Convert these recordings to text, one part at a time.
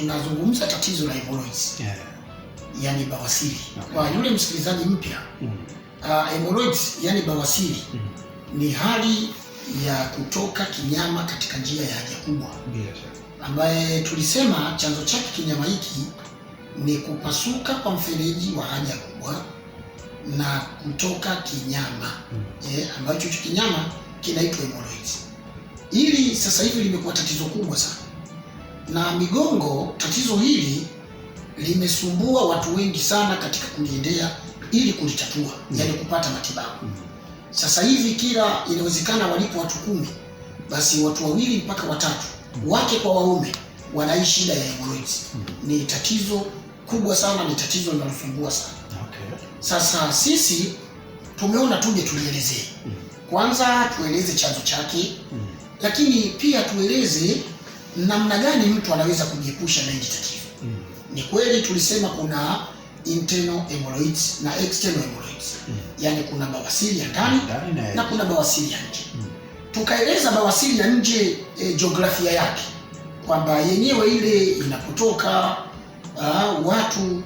tunazungumza tatizo la hemorrhoids yeah. Yani bawasiri okay. Kwa yule msikilizaji mpya mm. Uh, hemorrhoids yani bawasiri mm. Ni hali ya kutoka kinyama katika njia ya haja kubwa yeah. Ambaye tulisema chanzo chake kinyama hiki ni kupasuka kwa mfereji wa haja kubwa na kutoka kinyama mm. E, ambacho hicho kinyama kinaitwa hemorrhoids. ili sasa hivi limekuwa tatizo kubwa sana na migongo. Tatizo hili limesumbua watu wengi sana katika kuliendea ili kulitatua, mm. yani kupata matibabu mm. Sasa hivi kila inawezekana, walipo watu kumi, basi watu wawili mpaka watatu, mm. wake kwa waume, wanaishi shida ya hemorrhoids mm. ni tatizo kubwa sana, ni tatizo linalosumbua sana okay. Sasa sisi tumeona tuje tulielezee, mm. kwanza tueleze chanzo chake mm. lakini pia tueleze namna gani mtu anaweza kujiepusha na hili tatizo. Mm. Ni kweli tulisema kuna internal hemorrhoids na external hemorrhoids. Mm. Yaani kuna bawasiri ya ndani na, na kuna bawasiri ya nje. Mm. Tukaeleza bawasiri ya nje e, jiografia yake kwamba yenyewe ile inapotoka uh, watu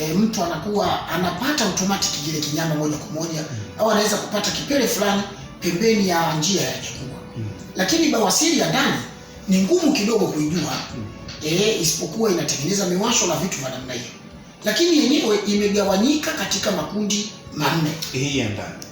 e, mtu anakuwa anapata automatic ile kinyama moja kwa moja mm. au anaweza kupata kipele fulani pembeni ya njia ya chakula. Mm. Lakini bawasiri ya ndani ni ngumu kidogo kuijua mm. E, isipokuwa inatengeneza miwasho na vitu vya namna hiyo, lakini yenyewe imegawanyika katika makundi manne hii ya ndani